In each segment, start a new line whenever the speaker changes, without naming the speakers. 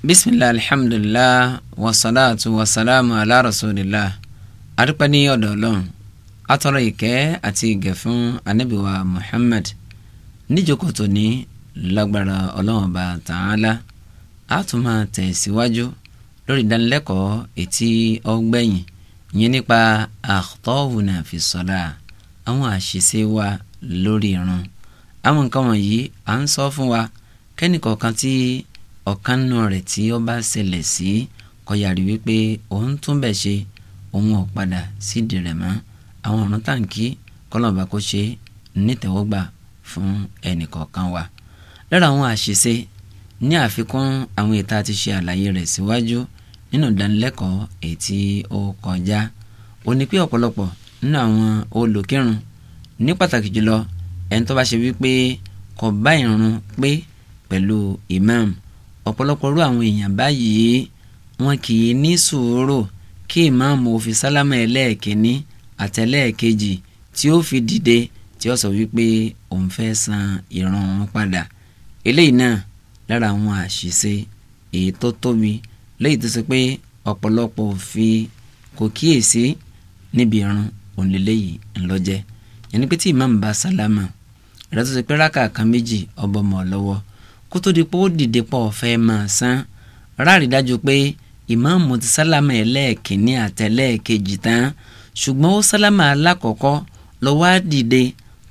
bisimilahi alhamdulilah wasalaatu wasalaamu ala rasulillah adúpẹ́ ní ọ̀dọ̀ ọlọ́run atọrọ ìkẹ́ àti ìgẹ̀ fún anabiwa muhammad níjókòó tòní lágbára ọlọ́run ọba tààlà a tún máa tẹ̀síwájú lórí ìdánilẹ́kọ̀ọ́ etí ọgbẹ́yìn yẹn nípa àtọ́wùnà fi sọ́lá àwọn àṣìṣe wa lórí irun àwọn nǹkan wọ̀nyí à ń sọ fún wa kẹ́nìkọ̀ọ̀kan tí ọ̀kan nù rẹ̀ tí ó bá ṣẹlẹ̀ sí kọyàrí wípé òun tún bẹ̀ ṣe òun ò padà sídìí rẹ̀ mọ́ àwọn ọ̀run tàǹkì kọlọ̀ọ̀bá kó ṣe nítẹ̀wọ́gbà fún ẹnìkọ̀ọ̀kan wa lára àwọn àṣìṣe ní àfikún àwọn ètò àti ṣe àlàyé rẹ̀ síwájú nínú ìdánilẹ́kọ̀ọ́ ètí ó kọjá ó ní pé ọ̀pọ̀lọpọ̀ nínú àwọn olùkírun ní pàtàkì jùlọ ẹni tó bá ṣe wípé kò bá ìrun pé pẹ̀lú imam ọ̀pọ̀lọpọ̀ rú àwọn èèyàn báyìí wọn kì í ní sùúrù kí ìmáàmù òfin sálámà ẹlẹ́ẹ̀kínní àtẹlẹ́ẹ̀kejì tí ó fi dìde tí ó sọ wípé òun fẹ́ san ìran wọn padà eléyìí náà lára àwọn àṣìṣe èyí tó tóbi léyìí tó sọ pé ọ̀pọ̀lọpọ̀ òfin kò kíyèsí níbi irun òǹlẹ́lẹ́yìí ńlọ́jẹ́ yẹn ni pé tí ìmáàmù bá sálámà ìrẹ́tọ́sọ pé rákà kan méjì ọbọ̀mọ̀ kó tó di pé ó dìde pọ̀ fẹ́ máa san ráàrí dájú pé ìmáàmù ti sálámà ẹlẹ́ẹ̀kínní àtẹlẹ́ẹ̀kejì tán ṣùgbọ́n ó sálámà alákọ̀ọ́kọ́ lọ wá dìde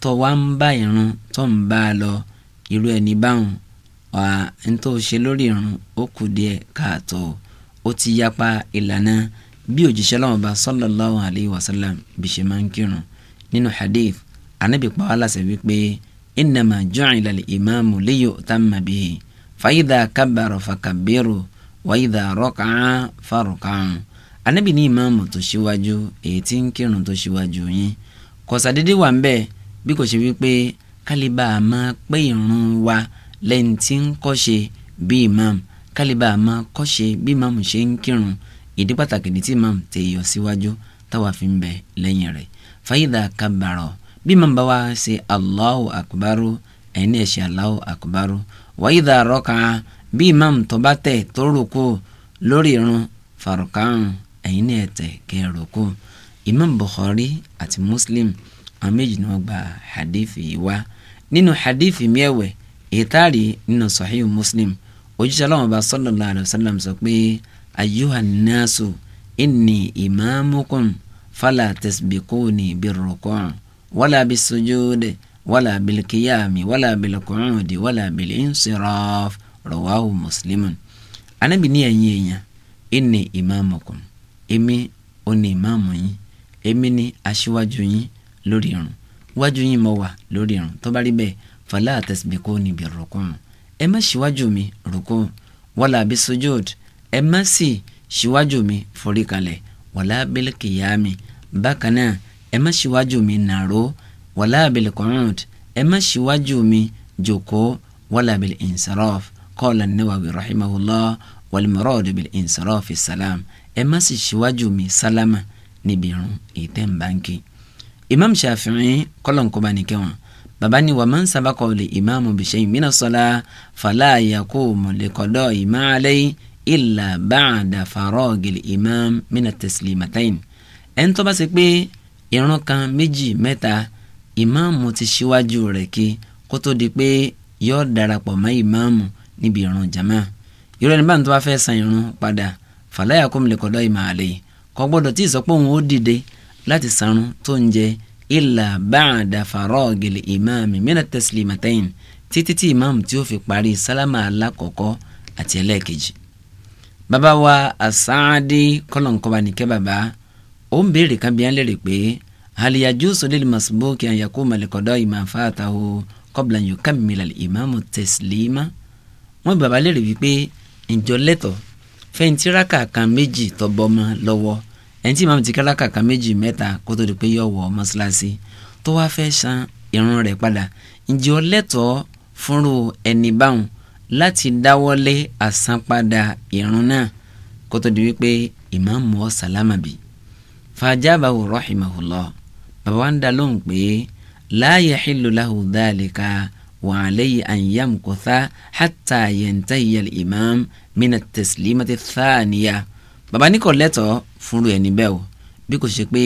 tó wá ń bá irun tó ń bá a lọ irú ẹni báwọn wà ń tó ṣe lórí irun ó kù díẹ̀ káàtó ó ti yapa ìlànà bí òjíṣẹ́ láwọn bá sallallahu alayhi wa sallam bí ṣe máa ń kírun nínú hadith anábìpá aláṣẹ wípé. إنما جعل الإمام ليؤتم به، فإذا كبر فكبروا، وإذا ركع فركعوا. raka'a faruka'u anabi ní ìmáàmù tó ṣíwájú èyí tí ń kírun tó ṣíwájú yín kọ̀sàdédé wà ń bẹ̀ bí kò ṣe wípé kálíbà máa pé ìrun wa lẹ́yìn tí ń kọ́ṣe bí ìmáàmù kálíbà máa kọ́ṣe bí ìmáàmù ṣe ń kírun ìdí pàtàkì ní tí ìmáàmù tè síwájú táwa fi ń bẹ lẹ́yìn rẹ̀ fàyídà kábàárọ̀ bí màá bá wa ṣe Allahu akbaru ẹni ẹ ṣe Allahu akbaru wa idha raka bí imam tó bá tẹ̀ tó rúkú lórí irun farukan ẹ̀yin ni ẹ tẹ̀ kẹ́ ẹ rúkú imam Bukhari àti Muslim àwọn méjì ni wọ́n gba hadithi yìí wá nínú hadithi miẹ̀wẹ̀ ìtaari nínú Sahih Muslim ojúṣe aláwọn bá sallallahu alaihi wasallam sọ pé ayyuhan nasu inni imamukum fala tasbiquni birruku' wala bisujudi wala bilkiyami wala bilkuudi wala bilinsiraf rawahu muslimun anabi ní ẹ̀yin èèyàn inni imaamukum èmi ò ní ìmáàmù yín èmi ní aṣíwájú yín lórí irun wájú yín mo wà lórí irun tó bá rí bẹ́ẹ̀ fala tasbikuni bi rukun ẹ má ṣíwájú mi rukun wala bi ẹ má sì ṣíwájú mi foríkalẹ̀ wala bil bákan náà ẹ má ṣíwájú mi nàró wàlá abẹ́lẹ̀ kọ́ńrọ̀t ẹ má ṣíwájú mi jòkó wàlá abẹ́lẹ̀ ìnsarọ́f kọ́ọ̀lá Nawawi rahimahullah wàlímọ̀rọ̀ ọ̀dọ̀ abẹ́lẹ̀ ìnsarọ́f sàlám ẹ má sì ṣíwájú mi sálámà níbi irun ètè mbànkì. imam Shafi'i kọ́lọ̀nkọ́ba nìkẹ́ wọn bàbá ni wà máa ń sábà kọ́ lè ìmáàmù bìṣẹ́ ìmínà sọ́lá fàlà yaqumu liqada ìmáàlẹ́ ìlà ba'da faragil ìmáàmù mínà taslimatayn ẹni tó bá ìran kan méjì mẹ́ta ìmáàmù ti ṣíwájú rẹ̀ kí kó tó di pé yóò darapọ̀ mọ́ ìmáàmù níbi ìrun jama irú ẹni báyìí tó bá fẹ́ san ìrun padà fàlàyà kó mi lè kọ́dọ̀ ìmọ̀ àlè kò gbọ́dọ̀ tí ì sọ pé òun ó dìde láti sanrun tó ń jẹ ìlà báàdà fàrọ́ọ̀gìlì ìmáàmù mìíràn tẹ̀sílì màtẹ́yìn títí tí ìmáàmù tí ó fi parí sálámà alákọ̀ọ́kọ́ àti ẹlẹ́ẹ̀kejì bàbá wa àsáàdì kọ́lọ̀ǹkọ́ba nìkẹ́ bàbá ó ń béèrè kan bí wọ́n lè rè pé haliyajusu lil masbuki an yakuma li qada'i ma fatahu qabla an yukammila al imamu taslima wọ́n bàbá lè rè wípé ìjọ lẹ́tọ̀ fẹ́ǹtì rákàkà méjì tọ́bọ́mọ lọ́wọ́ ẹni tí ìmáàmù ti ká rákàkà méjì mẹ́ta kó tó di pé yọ wọ mọ́ṣáláṣí tó wá fẹ́ san irun rẹ̀ padà ǹjẹ́ ó lẹ́tọ̀ọ́ ẹni báwọn láti dáwọ́lé àsanpadà irun náà kó tó di wípé ìmáàmù ọ̀ sálámà bíi fàjábàwò rahimahullah bàbá wa ń dá lóhùn pé la yahillu lahu dhalika wa alayhi an yamkutha hatta yantahi al-imam min at-taslimati ath-thaniya bàbá ní kò lẹ́tọ̀ọ́ fúnru ẹni bẹ́ẹ̀ o bí kò ṣe pé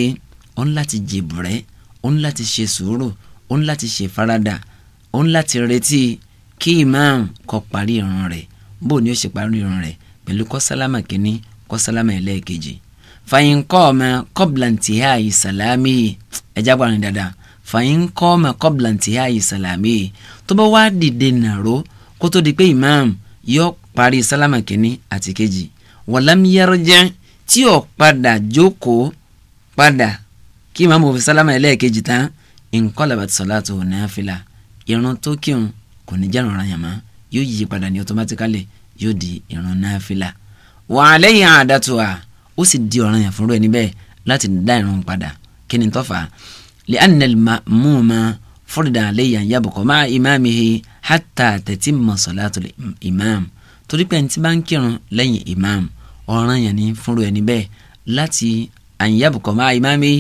ó ń láti jèbùrẹ́ ó ń láti ṣe sùúrù ó láti ṣe faradà ó láti retí kí imam kó parí irun rẹ̀ bó ni ó ṣe parí irun rẹ̀ pẹ̀lú kó sálámà kínní kó sálámà ẹlẹ́ẹ̀kejì fàyín kọ́ọ̀mẹ kọ́bìlàntì ha yìí sàlámì yìí ẹ̀já gbọ́n dáadáa fàyín kọ́ọ̀mẹ kọ́bìlàntì ha yìí sàlámì yìí tó bá wá dìde nàró kó tó di pé imam yọ parí sálámà kínní àti kejì wàlámiyàrjẹ tí ò padà jókòó padà kí imam òfi sálámà ẹlẹ́ẹ̀kejì tán nkọ́lẹ̀bà ti sọ̀lá tó nàáfìlà irun tó kírun kò ní jẹ́rùn ara yàn yóò yí padà ní automatically yóò di irun nàáfìlà wàhálẹ́yìn àdàtúwà ó sì di ọ̀ràn yàn fúnrú ẹni bẹ́ẹ̀ láti dá ìrun padà kí ni tọ́fà lè anil ma'muma fúrìdà àléyà yàbùkọ́ máa ìmáàmì he hátà tẹ̀tí mọ̀ sọ̀látù ìmáàmù torí pé ẹni tí bá ń kírun lẹ́yìn ìmáàmù ọ̀ràn yàn ni fúnrú ẹni bẹ́ẹ̀ láti àyìnyàbùkọ́ máa ìmáàmì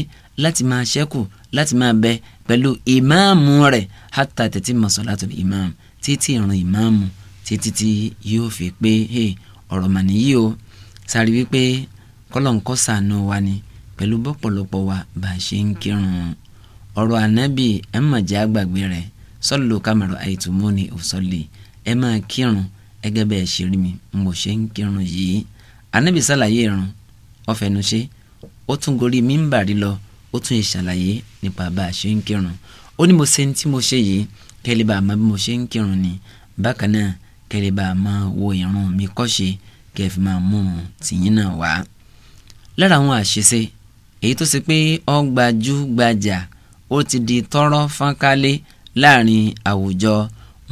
láti máa ṣẹ́kù láti máa bẹ pẹ̀lú ìmáàmù rẹ̀ hátà tẹ̀tí mọ̀ sọ̀látù ìmáàmù títí ìrun ìmáàmù títí tí yóò fi pé ọ̀rọ̀ màníyí o sáré wípé kọ́lọ́nkọ́ sànù wa ni pẹ̀lú bọ́pọ̀lọpọ̀ wa bá a ṣe ń kírun ọ̀rọ̀ ànábì ẹ̀ mà jẹ́ àgbàgbé rẹ̀ sọ́lù kàmàrọ̀ àìtùmọ́ ni òsọ́lì ẹ̀ máa kírun ẹgẹ́ bẹ́ẹ̀ ṣe rí mi mo ṣe ń kírun yìí ànábì sàlàyé irun ọ̀fẹ́nuṣe ó tún gorí mímbàrí lọ ó tún ìṣàlàyé nípa bá a ṣe ń kírun ó ní mo ṣe tí mo ṣe yìí kẹ́lẹ́ máa bí mo ṣe ń kírun ni bákan náà kẹ́lẹ́ bá a máa wo ìrun mi kọ́ ṣe kẹ́ẹ̀ máa mú un tìyín náà wá lára àwọn àṣìṣe èyí tó ṣe pé ó gbajú-gbajà ó ti di tọ́rọ́ fọ́nkálé láàrin àwùjọ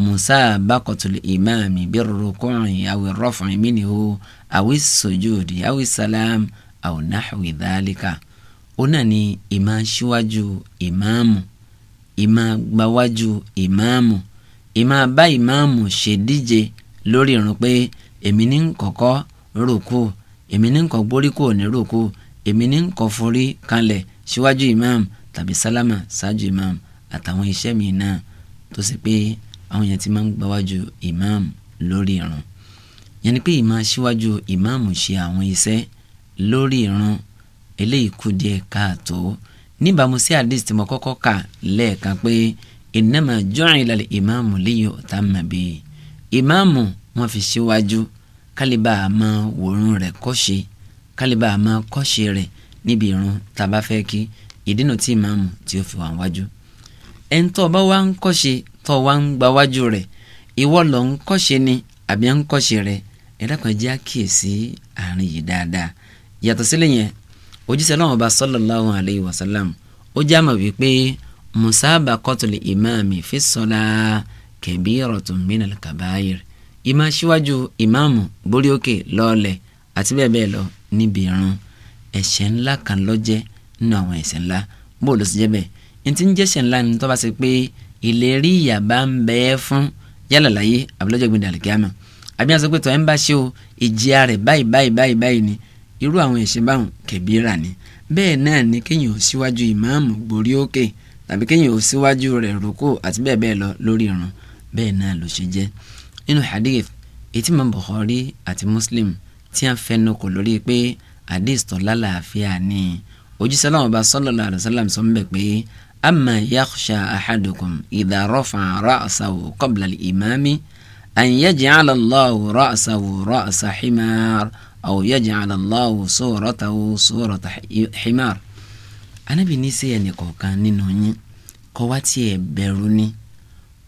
musa bakotul imaami bí rukurin awi rọfin minihu awi sojúdi awi salam awi nahwi dhalika ó náà ni ìmá síwájú ìmáàmù ìmá gbáwájú ìmáàmù ìmá bá ìmáàmù ṣèdíje lórí irun pé èmi ní kọ́kọ́ rúkú èmi ní kọ́ gbórí kò ní rògbò èmi ní kọ́ forí kanlẹ̀ síwájú imam tàbí sálámà ṣáájú imam àtàwọn iṣẹ́ mi náà tó ṣe pé àwọn yẹn ti máa ń gbáwájú imam lórí irun yẹn ni pé ìmọ̀ síwájú imam ṣe àwọn iṣẹ́ lórí irun eléyìí kù díẹ̀ káàtó níbàámu sí àdìs tí mo kọ́kọ́ kà lẹ́ẹ̀kan pé innama ju'ila al-imamu liyu'tamma bihi ìmáàmù wọn fi síwájú kálíbà àmọ́ wòrán rẹ̀ kọ́ṣe kálíbà àmọ́ kọ́ṣe rẹ̀ níbi ìrun tàbá fẹ́ kí ìdínà tí ìmáàmù tí ó fi wà wájú. ẹni tó bá wá ń kọ́ṣe tó wá ń gba wájú rẹ̀ ìwọ lọ ń kọ́ṣe ni àbí ń kọ́ṣe rẹ̀ ẹ̀dá kan jẹ́ àkíyèsí àárín yìí dáadáa. yàtọ̀ sílẹ̀ yẹn òjíṣẹ́ Ọlọ́hun Ọba sallallahu alayhi wa sallam ó já mọ̀ wípé musabaqatul imami fi sọ́la kabiratun minal kabair ìmá síwájú ìmáàmù borí òkè lọ́ọ̀lẹ̀ àti bẹ́ẹ̀ bẹ́ẹ̀ lọ níbi irun ẹ̀ṣẹ̀ ńlá kan ló jẹ́ nínú àwọn ẹ̀ṣẹ̀ ńlá bó ló sì jẹ́ bẹ́ẹ̀ ní ti ń jẹ́ṣẹ̀ ńlá ni tó bá ṣe pé ìlérí ìyà bá ń bẹ ẹ́ fún yálà láyé àbúlọ́jọ́ gbin dàlẹ́ kíámà àbí àṣọ pé tọ́ ń bá ṣe o ìjìyà rẹ̀ báyìí báyìí báyìí ni irú àwọn ẹ̀ṣẹ̀ báwọn kẹ̀bíra ni bẹ́ẹ̀ náà ni kéèyàn ò síwájú ìmáàmù gborí òkè tàbí kéèyàn ò síwájú rẹ̀ rúkú àti nínú hadith ètí Imam Bukhari àti Muslim tí a fẹnu kò lórí pé hadith tó lálàáfíà ni òjíṣẹ́ Ọlọ́hun Ọba sallallahu alaihi wasallam sọ mbẹ́ pé amma yakhsha ahadukum idha rafa'a ra'sahu qabla al-imami an yaj'ala Allahu ra'sahu ra'sa himar aw yaj'ala Allahu suratahu surata himar anabi ní sẹ́yà nìkọ̀ọ̀kan nínú yín kọ́ wá tiẹ̀ ni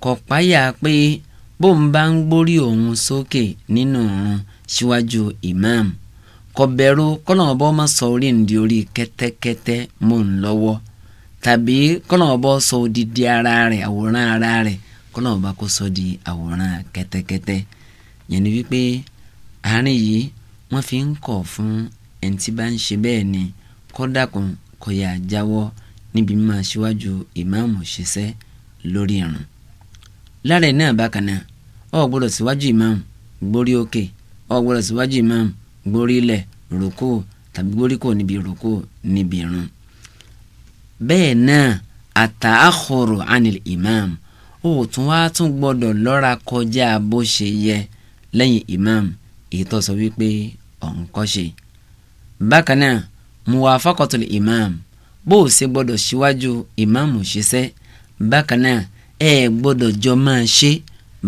kọ̀ páyà bóun bá ń gbórí òun sókè nínú òun síwájú imam kò bẹ̀rù kọ́nàbọ́ má sọ orí ǹdí orí kẹtẹkẹtẹ mọ́ ń lọwọ tàbí kọ́nàbọ́ sọ odidi ara rẹ àwòrán ara rẹ kọ́nàbọ́ kó sọ di àwòrán wípé àárín yìí fi ń fún bá ń ṣe bẹ́ẹ̀ ni kó níbi máa lórí lára ọ gbọ́dọ̀ síwájú imam gbórí òkè ọ gbọ́dọ̀ síwájú imam gbórí ilẹ̀ rúkú tàbí gbórí kò níbi rúkú níbi irun bẹ́ẹ̀ náà àtàkùrù anil imam ó tún wá tún gbọ́dọ̀ lọ́ra kọjá bó ṣe yẹ lẹ́yìn imam èyí tó sọ wípé ọ̀nkọ́ṣe bákan náà muwafaqatul imam bó o ṣe gbọ́dọ̀ síwájú imam ṣiṣẹ́ bákan náà ẹ gbọ́dọ̀ jọ máa ṣe é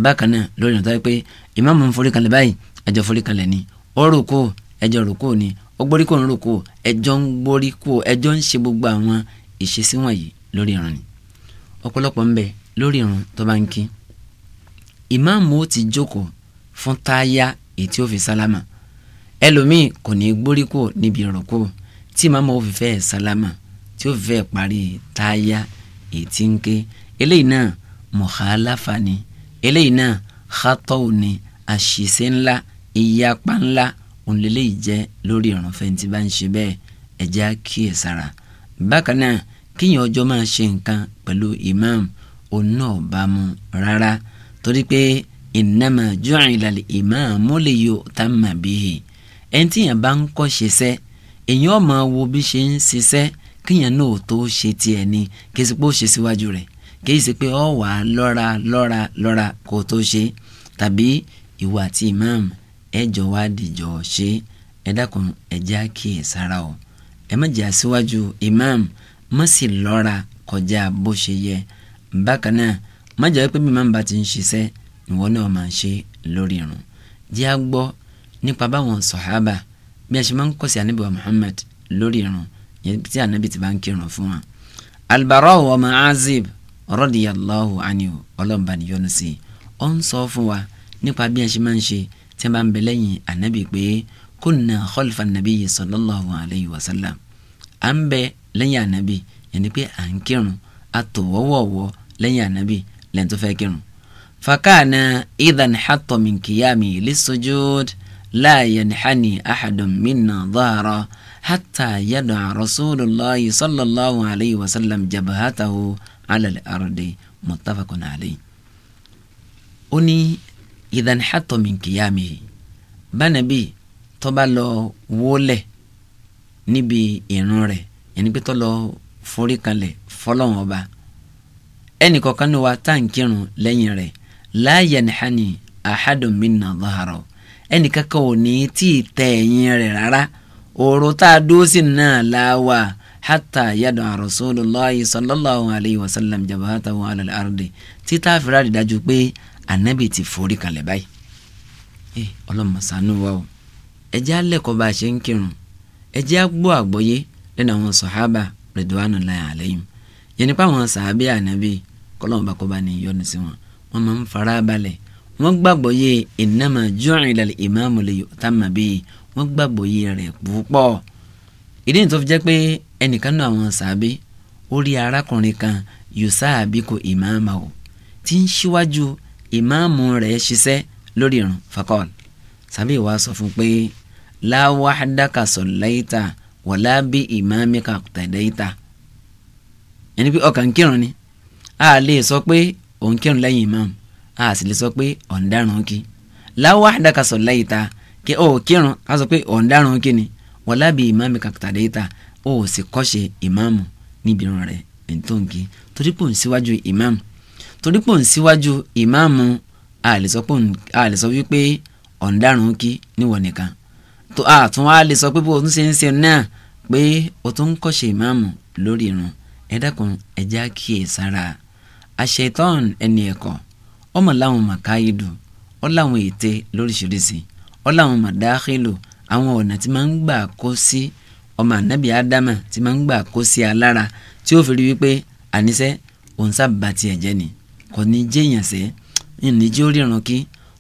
bákan náà lórí ìrántá pé ìmáàmù ń forí kalẹ̀ báyìí ẹjọ́ forí kalẹ̀ ni ó rùkú ẹjọ́ rùkú ni ó gbórí kò ń rùkú ẹjọ́ ń gbórí kò ẹjọ́ ń ṣe gbogbo àwọn ìṣesí wọ̀nyí lórí ìrun ni ọ̀pọ̀lọpọ̀ ń bẹ lórí ìrun tó bá ń kí ìmáàmù ó ti jókòó fún táyà èyí tí ó fi sálámà ẹlòmíì kò ní gbórí kò níbi rùkú tí ìmáàmù ó fi fẹ́ sálámà tí ó fi fẹ́ parí táyà èyí ń ké eléyìí náà mọ̀hálàfà eléyìí náà xatọ́ òní àṣìṣe ńlá ìyapa ńlá òun lélẹ́yìí jẹ́ lórí ìrànfẹ́ tí bá ń ṣe bẹ́ẹ̀ ẹ̀jẹ̀ á kíyèsára bákan náà kíyàn ọjọ́ máa ṣe nǹkan pẹ̀lú imam òun náà bá mu rárá torí pé innama ju'ila al-imamu liyu'tamma bihi ẹni tíyàn bá ń kọ́ ṣiṣẹ́ èyàn ó máa wo bí ṣe ń ṣiṣẹ́ kíyàn náà tó ṣe tiẹ̀ ni kí ẹ pé ó ṣe síwájú rẹ̀ kìí ṣe pé ọ wà lọ́ra lọ́ra lọ́ra kó tó ṣe tàbí ìwà àti imam ẹjọ́ wá dìjọ́ ṣe ẹ dákun ẹ jẹ́ sára o ẹ má jẹ́ aṣíwájú imam má sì lọ́ra kọjá bó ṣe yẹ bákan náà má jẹ́ pé imam bá ti ń ṣiṣẹ́ ìwọ náà máa ṣe lórí irun jẹ́ á gbọ́ nípa báwọn sọ̀hábà bí a ṣe máa ń kọ̀ sí ànábì wa Muhammad lórí irun yẹn tí ànábì ti bá ń kírun fún wa Al-Bara'u wa Ma'azib radiyallahu anhu ọlọ́mba níyọnu sí i ó ń sọ fún wa nípa bí a ṣe máa ń ṣe tí a bá ń bẹ lẹ́yìn ànábì pé kunna khalfa nabiyyi sallallahu alayhi wa sallam à ń bẹ lẹ́yìn ànábì yẹnni pé à ń kírun a tò wọ́wọ́wọ́ lẹ́yìn ànábì lẹ́yìn tó fẹ́ kírun. fakana idan hatta min qiyami lisujud la yanhani ahadun minna hata yada rasulillah sallallahu alayhi wa sallam jabahatahu alal arde muttafaqun alayhi. ó ní idan hato min kiyami bánàbí tó bá lọ wólẹ̀ níbi ìrun rẹ̀ yẹnni pé tó lọ forí kanlẹ̀ fọlọ́wọn ọba ẹnì kọ̀ọ̀kan ní wa tá à ń lẹ́yìn rẹ̀ láàyè nìhání ahadun minna dhaharo ẹnì kankan ò ní tí ì tẹ ẹ̀yìn rẹ̀ rárá òòrùn tá a dúró sí náà láwà hátà yàdọ̀ Rasulullahi sallallahu alayhi wa sallam jabhatahu ala al-ardi títà fìrà rí dájú pé ànábì ti forí kalẹ̀ báyìí. ẹ ọlọ́mọ ṣàánú wa o ẹ jẹ́ alẹ́kọ̀ọ́ bá a ṣe ń kírun ẹ jẹ́ gbọ́ àgbọ́yé lẹ́nu àwọn sàhábà ridwanullahi alayhim yẹn nípa àwọn sàhábì ànábì kọ́lọ́mọba kó bá ní yọ́nú sí wọn wọ́n máa ń fara balẹ̀ wọ́n gbàgbọ́ yé innama ju'ila al-imamu liyu'tamma wọ́n gbàgbọ́ yé rẹ̀ púpọ̀ ìdí nìtọ́ fi jẹ́ pé ẹnìkan náà àwọn sàbí ó rí arákùnrin kan yusa abiko ìmáàmà o tí ń ṣíwájú ìmáàmù rẹ̀ ṣiṣẹ́ lórí irun fakọ́l sàbí wa sọ fún pé láwáhádàkà sọ̀láìta wọ̀lá bí ìmáàmìkà tẹ̀dẹ́ìta ẹni pé ọkàn kírun ni a lè sọ pé òun kírun lẹ́yìn imam a sì lè sọ pé ọ̀ǹdaràn kí láwáhádàkà sọ̀láìta kí ó kírun á sọ pé ọ̀ ń dárun kí ni wọ́n lábì ìmáàmù kàkàtàdéta ó sì kọ́ṣe ìmáàmù níbi irun rẹ̀ ntòǹkì torí pò ń síwájú ìmáàmù torí pò ń síwájú ìmáàmù a lè sọ wípé ọ̀ ń dárun kí níwọ̀n nìkan tó a tún wá lè sọ pé bó o tún ṣe ń ṣe náà pé o tún ń kọ́ṣe ìmáàmù lórí irun ẹ dákun ẹ já kíyè sára àṣetán ẹni ẹ̀kọ́ ọmọ láwọn màkàídù ọ láwọn ète lóríṣiríṣi ó láwọn màdáhìlù àwọn ọ̀nà tí máa ń gbà kó sí ọmọ ànábì ádámà tí máa ń gbà kó sí alára tí ó fi rí wípé àníṣe òun sábà tiẹ̀ jẹ́ ni kò ní jẹ́yàn sẹ́ ní jí ó ríran kí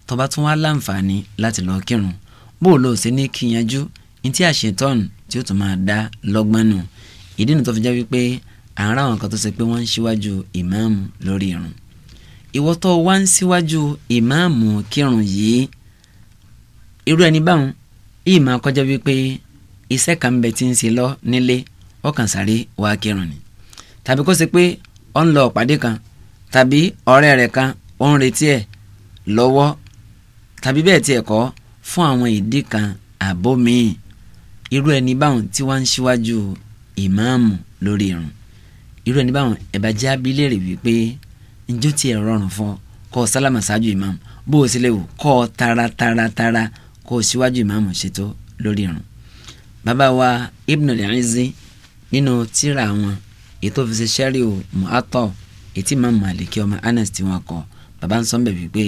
tọba tún wá láǹfààní láti lọ kírun bó o lọ ní kíyanjú ní tí àṣetọ́n tí ó tún máa dá lọ́gbọ́n nù ìdí nu tó fi jẹ́ wípé àárá àwọn kan tó ṣe pé wọ́n ń ṣíwájú ìmáàmù lórí irun ìwọ wá ń ṣíwájú ìmáàmù kírun yìí irú ẹni báwọn yìí máa kọjá wípé iṣẹ́ kan ń bẹ tí ń ṣe lọ nílé ọkàn sáré wá kírun ni tàbí kó ṣe pé ó ń lọ ọ̀pàdé kan tàbí ọ̀rẹ́ rẹ̀ kan ó ń retí ẹ̀ lọ́wọ́ tàbí bẹ́ẹ̀ tiẹ̀ kọ́ fún àwọn ìdí kan àbó míì irú ẹni báwọn tí wọ́n ń ṣíwájú ìmáàmù lórí irun irú ẹni báwọn ẹ̀bá jẹ́ abilérè wípé njó tiẹ̀ rọrùn fún kọ́ sálámà ṣáájú ìmáàmù bó o sì lè wò kọ́ tara tara tara. tara kó o síwájú ìmáàmù ṣètò lórí irun bàbá wa Ibn al-Izzi nínú tírà wọn ètò òfìsè sẹ́ríò mu'atọ ètí ìmáàmù Màlìkí ọmọ Anas tí wọn kọ bàbá ń sọ bẹ́ẹ̀ wípé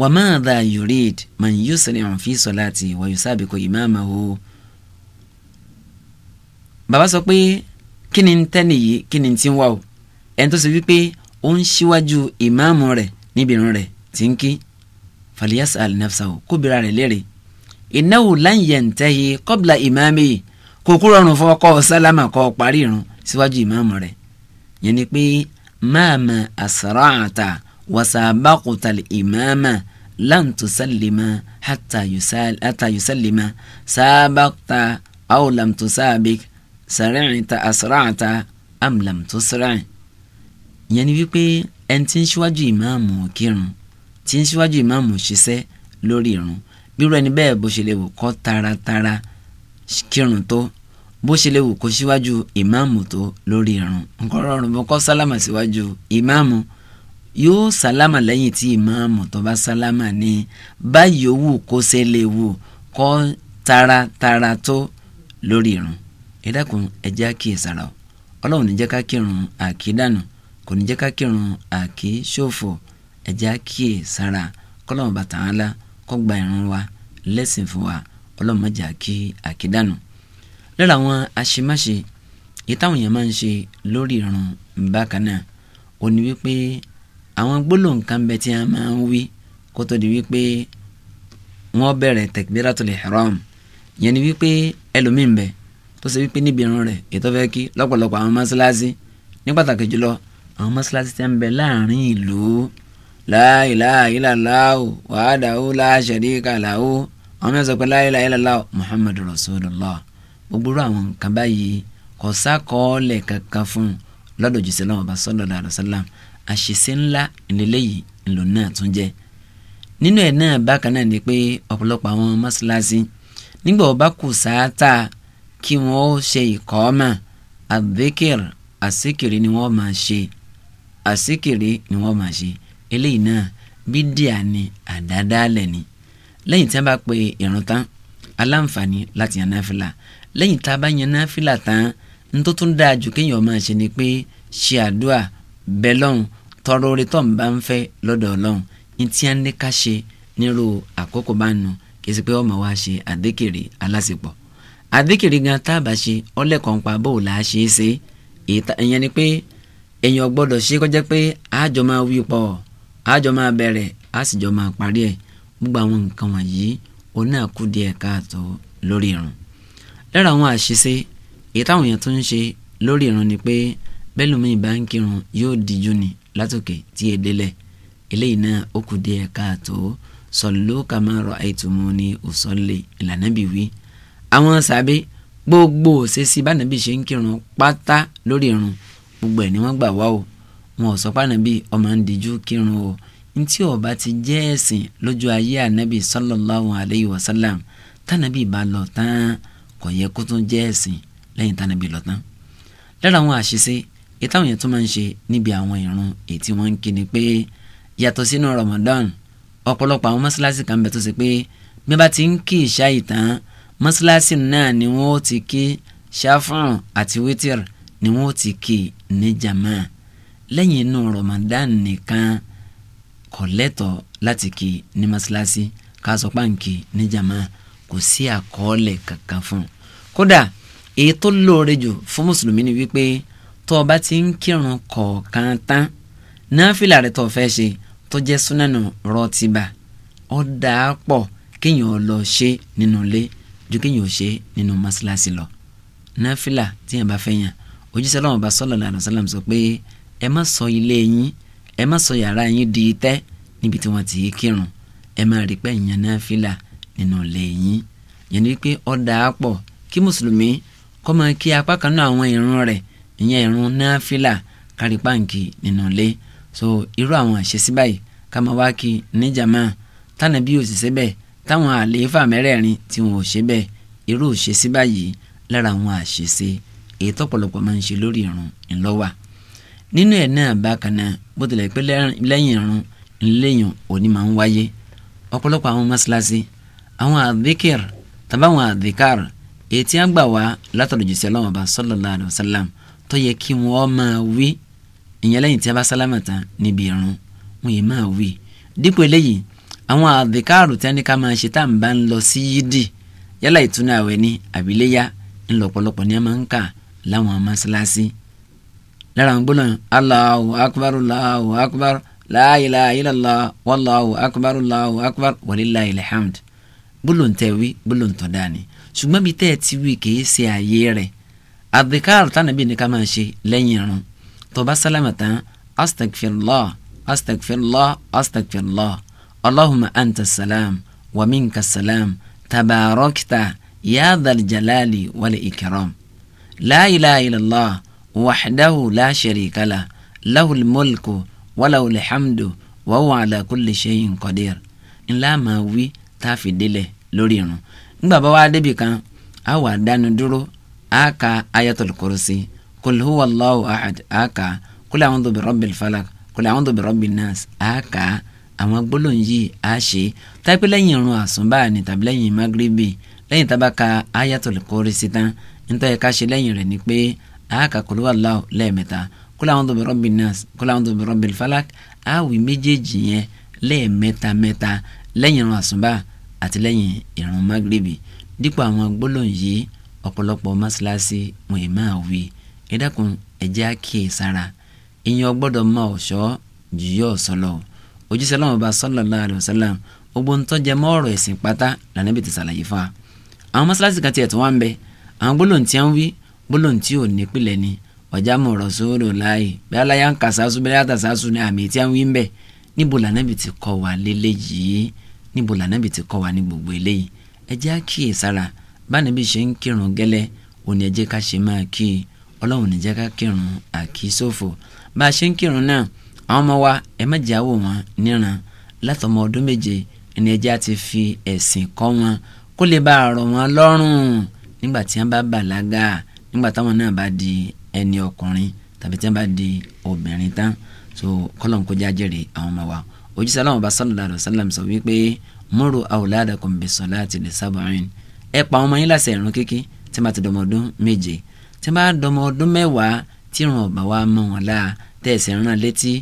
wa madha yurid man yusri'u fi salati wa yusabiqu imamahu bàbá sọ pé kí ni tẹ́nì yìí kí ni ti ń wá o ẹni tó sọ wípé ó ń ṣíwájú ìmáàmù rẹ̀ níbi irun rẹ̀ tí ń kí faliyas al-nafsahu kó bira rẹ̀ léèrè ìnáwó láǹyẹ̀ntẹ́yì kọ́bla ìmáàmì kò kúrò ọ̀run fún ọkọ sálámà kọ́ parí irun síwájú ìmáàmù rẹ̀ yẹn ni pé máàmà àsàràtà wàsàbàkùtàlì ìmáàmà láǹtùsálìmà hàtà yùsálìmà sábàkùtà àwòlàmtùsábìk sàrìǹtà àsàràtà àmlàmtùsàrìn yẹn ni wípé ẹni tí ń síwájú ìmáàmù kírun tí ń síwájú ìmáàmù ṣiṣẹ́ lórí irun bírú ẹni bẹ́ẹ̀ bó ṣe lè wù kó taratara kírun tó bó ṣe lè wù kó síwájú ìmáàmù tó lórí irun nǹkan rọrùn bó kó sálámà síwájú ìmáàmù yóò sálámà lẹ́yìn tí ìmáàmù tó bá sálámà ní báyìí ó wù kó ṣe lè wù kó taratara tó lórí irun ẹ dákun àkíyèsára o ọlọ́run ní ká kírun àkídànù kò ní ká kírun àkíṣòfò ẹ àkíyèsára kọ́lọ́run bàtà án lá ọgbà ìrun wa lẹ́sìn fún wa ọlọ́mọdé àkí àkídànù lára àwọn àṣemáṣe èyí táwọn èèyàn máa ń ṣe lórí ìrun bákan náà ò ní wípé àwọn gbólóhùn kan bẹ tí a máa ń wí kó tó di wípé wọ́n bẹ̀rẹ̀ takbiratul ihram yẹn ni wípé ẹlòmíín bẹ tó ṣe wípé níbi ìrun rẹ̀ ètò fẹ́ kí lọ́pọ̀lọpọ̀ àwọn mọ́ṣáláṣí ní pàtàkì jùlọ àwọn mọ́ṣáláṣí tí ń bẹ láàrin ìlú la ilaha illallahu wahdahu la sharika lahu àwọn mìíràn sọ pé la ilaha illallahu muhammadu rasulullah gbogbo àwọn nǹkan báyìí kò sákọọ́lẹ̀ kankan fún lọ́dọ̀ jùsẹ̀ náà ọba sallallahu alaihi wasallam àṣìṣe ńlá ìlélẹ́yìí ńlò náà tún jẹ́ nínú ẹ̀ náà bákan náà ni pé ọ̀pọ̀lọpọ̀ àwọn mọ́ṣáláṣí nígbà ọba kù sáátà kí wọ́n ó ṣe ìkọ́ọ́mà àbíkìr àsíkìrì ni wọ́n máa ṣe àsíkìrì ni wọ́n máa ṣe eléyìí náà bídíà ni àdádálẹ̀ ni lẹ́yìn tí a bá pe ìrun tán aláǹfààní láti yan náfìlà lẹ́yìn tá a bá yan náfìlà tán ntótó dáa jù kéèyàn máa ṣe ni pé ṣe àdúà bẹ́ẹ̀ lọ́hùn tọrọ orí tó ń bá ń fẹ́ lọ́dọ̀ ọlọ́hùn ní tí a ní ká ṣe nírú àkókò bá nu kì ṣe pé ọmọ wa ṣe àdékèrè alásìpọ̀ àdékèrè gan tá a bá ṣe ọlẹ́kọ̀ọ́ pa bó o là á ṣe é ìyẹn ni pé èèyàn gbọ́dọ̀ ṣe kọjá pé àjọ máa wí pọ̀ ọ́ àjọ máa bẹ̀rẹ̀ a sì jọ máa parí ẹ̀ gbogbo àwọn nǹkan wọ̀nyí òun náà kù díẹ̀ káàtó lórí irun lára àwọn àṣìṣe èyí táwọn èèyàn tó ń ṣe lórí irun ni pé bẹ́lùmí ìbánkirun yóò díjú ni látòkè tí e délẹ̀ eléyìí náà ó kù díẹ̀ káàtó sọ̀lú kàmáàrọ̀ àìtùmọ̀ ní òsọ̀lẹ̀ ìlànà bí wí. àwọn sàbẹ̀ gbogbo òṣèṣì bánàbí ṣe ń kírun pátá lórí irun gbogbo ẹ̀ ni wọ́n gbà wá o wọn ò sọ pé ànábì ọmọ ń dijú kírun o ntí ọba ti jẹ́ ẹ̀sìn lójú ayé ànábì sallallahu alayhi wa sallam tànábì bá lọ tán kò yẹ kó tún jẹ́ ẹ̀sìn lẹ́yìn tànábì lọ tán. lára àwọn àṣìṣe ìtàwọn yẹn tún máa ń ṣe níbi àwọn ìrun ètí wọn ń kíni pé yàtọ̀ sínú Ramadan ọ̀pọ̀lọpọ̀ àwọn mọ́ṣáláṣí kan bẹ tó ṣe pé bí bá ti ń kí ìṣá ìtàn mọ́ṣáláṣí náà ni wọ́n ti kí ṣáfùrùn àti wítìr ni wọ́n ti kí níjàmáà lẹ́yìn inú Ramadan nìkan kò lẹ́tọ̀ láti kí ní mọ́ṣáláṣí ká sọ páǹkì ní jàmá kò sí àkọọ́lẹ̀ kankan fún un kódà èyí lóore jù fún mùsùlùmí ni wípé tó o bá ti ń kírun kọ̀ọ̀kan tán náfìlà rẹ̀ tó o fẹ́ ṣe tó jẹ́ súnánù rọ́tìbà ó dáa pọ̀ kéèyàn ó lọ ṣe nínú ilé ju kéèyàn ó ṣe nínú mọ́ṣáláṣí lọ náfìlà tíyẹn bá fẹ́ yàn òjíṣẹ́ lọ́wọ́ bá sọ́lọ́ làlọ́ sálàm sọ pé ẹ má sọ ilé yín ẹ má sọ yàrá yín di tẹ́ níbi tí wọ́n ti yí kírun ẹ má rí pé ìyẹn náà fìlà nínú ilé yín yẹn ni pé ọ̀dà àpọ̀ kí mùsùlùmí kọ́ máa kí apá kan náà àwọn ìrun rẹ̀ ìyẹn ìrun náà fìlà kárí pàǹkì nínú ilé so irú àwọn àṣesí báyìí ká máa wá kí níjàmá tánàbí ò sì ṣe bẹ́ẹ̀ táwọn àlééfà mẹ́rẹ̀ẹ̀rin tí wọn ò ṣe bẹ́ẹ̀ irú òṣèṣí báyìí lára àwọn àṣìṣe èyí tọ́pọ̀lọpọ̀ máa ń ṣe lórí irun ńlọ́wà nínú ẹ̀ náà bákan náà bó tilẹ̀ pé lẹ́yìn irun ńlẹ́yìn òní máa ń wáyé ọ̀pọ̀lọpọ̀ àwọn mọ́ṣáláṣí àwọn àdìkìr tàbáwọn àdìkàr ètí àgbà wá látọ̀dọ̀ jùsẹ̀ lọ́wọ́n bá sallallahu alaihi wasallam tó yẹ kí wọ́n máa wí ìyẹn lẹ́yìn tí a bá sálámà tán níbi irun wọn yìí máa wí dípò eléyìí àwọn àdìkàrù tí a ní ká máa ṣe tá à ń bá ń lọ sí yídì yálà ìtúnu ní àbíléyà ńlọpọlọpọ ni a máa ń kà láwọn mọ́ṣáláṣí lára àwọn gbóná Allahu akbar Allahu akbar la ilaha illallah wallahu akbar Allahu akbar walillahil hamd gbólóǹtẹ̀ wí gbólóǹtọ̀ dání ṣùgbọ́n bíi tẹ́ ẹ ti wí kìí ṣe àyè rẹ̀ adhikar tánàbí ni ká máa ṣe lẹ́yìn irun tó bá sálámà tán astagfirullah astagfirullah astagfirullah allahumma anta salam wa minka salam tabarakta ya dhal jalali wal ikram la wahdahu la sharika lah lahul mulku walahul hamdu wa huwa ala kulli shay'in qadir ńlá máa wí tá a fi délẹ̀ lórí irun ńgbà bá wá débi kan a wà dánu dúró a ka ayatul kursi kul huwa allahu ahad a ka kul a'udhu bi rabbil falak kul a'udhu bi rabbin nas a ka àwọn gbólóhùn yìí a ṣe táìpé lẹ́yìn irun àsùnbáà ni tàbí lẹ́yìn magrebi lẹ́yìn tá a bá ka ayatul kursi tán nítorí ká ṣe lẹ́yìn rẹ̀ ni pé àáka kulu wallahu lẹ́ẹ̀mẹ́ta kula a'udhu bi rabbin nas kul a'udhu bi rabbil falak àáwì méjèèjì yẹn lẹ́ẹ̀mẹ́ta mẹ́ta lẹ́yìn irun àsùnbà àti lẹ́yìn irun magrebi dípò àwọn gbólóhùn yìí ọ̀pọ̀lọpọ̀ mọ́ṣáláṣí wọn ì máa wí ẹ dákun ẹ jẹ́ àkíyè sára ìyẹn gbọ́dọ̀ máa ọ̀ṣọ́ jù yóò sọlọ ojúṣe aláwọn ọba sallallahu alaihi wasallam gbogbo ntọ́jẹ gbólóhùn tí ò ní pìlẹ̀ ni ọ̀já mọ̀ ọ̀rọ̀ sóòrò láàyè bí aláya ń kàsásù bí aláya tàsásù ni àmì tí a ń wí ń bẹ̀ níbo lànàbì ti kọ́ wa léléyìí níbo lànàbì ti kọ́ wa ní gbogbo eléyìí ẹ jẹ́ àkíyè sára bánàbì ṣe ń kírun gẹ́lẹ́ òní ẹ jẹ́ ká ṣe máa kí i ọlọ́run ní ká kírun àkísòfò bá a ṣe ń kírun náà àwọn ọmọ wa ẹ má jẹ́ àwò wọn níran látọmọ ọdún méje ẹni ẹ jẹ́ àti fi ẹ̀sìn kọ́ wọn kó lè bá àrọ̀ wọn lọ́rùn nígbà tí wọ́n bá bàlágà nígbà táwọn náà bá di ẹni ọkùnrin tàbí tí wọ́n bá di obìnrin tán so kọ́lọ́n kó jájèrè àwọn ọmọ wa òjíṣẹ́ aláwọ̀ bá sallallahu alaihi wasallam sọ wípé muru awladakum bisolati li sab'in ẹ pa ọmọ yín láṣẹ ìrun kíkí tí wọ́n bá ti dọmọ ọdún méje tí wọ́n bá dọmọ ọdún mẹ́wàá tí ìrun ọ̀bà wa mọ̀ wọn láà tẹ̀sí ìran létí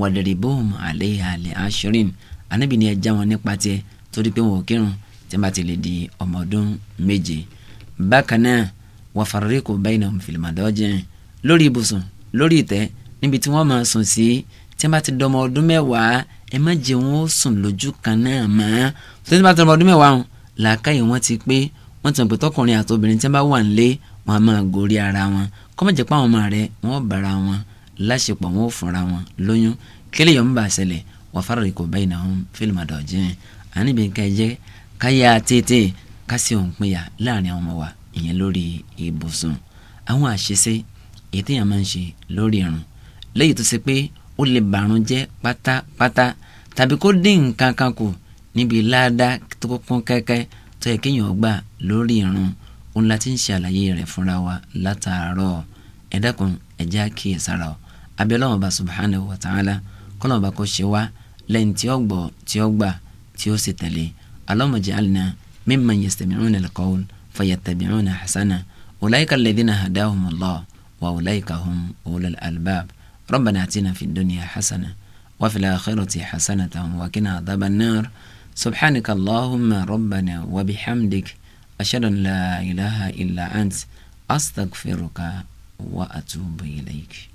wadribuhum alaiha li ashrin anábì ni ẹ já wọn nípa tiẹ̀ torí pé wọn ò kírun tí wọ́n bá ti lè di ọmọ ọdún méje bákan náà wa farriqu bainahum fil madaji lórí ibùsùn lórí ìtẹ́ níbi tí wọ́n máa sùn sí tí wọ́n bá ti dọmọ ọdún mẹ́wàá ẹ má jẹ́ wọn ó sùn lójú kan náà mọ́ tó ti bá ti dọmọ ọdún mẹ́wàá hàn làákàyè wọn ti pé wọ́n ti mọ̀ pé tọkùnrin àtobìnrin tí wọ́n bá wà nílé wọn á máa gorí ara wọn kọ́ má àwọn ọmọ rẹ̀ wọ́n bára wọn láṣepọ̀ wọn ò fúnra wọn lóyún kílẹ̀ yọ̀ ń bà ṣẹlẹ̀ wà farriqu bainahum fil madaji àníbi nǹkan ẹ̀jẹ̀ káyà tètè kásì òǹpinya láàrin àwọn ọmọ wa ìyẹn lórí ibùsùn àwọn àṣìṣe èyí téèyàn máa ń ṣe lórí irun léyìí tó ṣe pé ó lè bàrún jẹ́ pátápátá tàbí kó dín nǹkan kan kù níbi ládàá tó kún kẹ́kẹ́ tó yẹ kéèyàn gbà lórí irun òun la ti ń ṣe àlàyé rẹ̀ fúnra wa látàárọ̀ ẹ dákun ẹ jẹ́ àkíyèsára o abẹ́lẹ́ bá subhanahu wa ta'ala kọ́nà ọba kò ṣe wá lẹ́yìn tí ó gbọ́ tí ó gbà tí ó sì tẹ̀lé Allahumma ja'alna mimman yastami'una al-qawl فيتبعون حسنه أولئك الذين هداهم الله وأولئك هم أولو الألباب ربنا آتنا في الدنيا حسنة وفي الآخرة حسنة وقنا عذاب النار سبحانك اللهم ربنا وبحمدك أشهد أن لا إله إلا أنت أستغفرك وأتوب إليك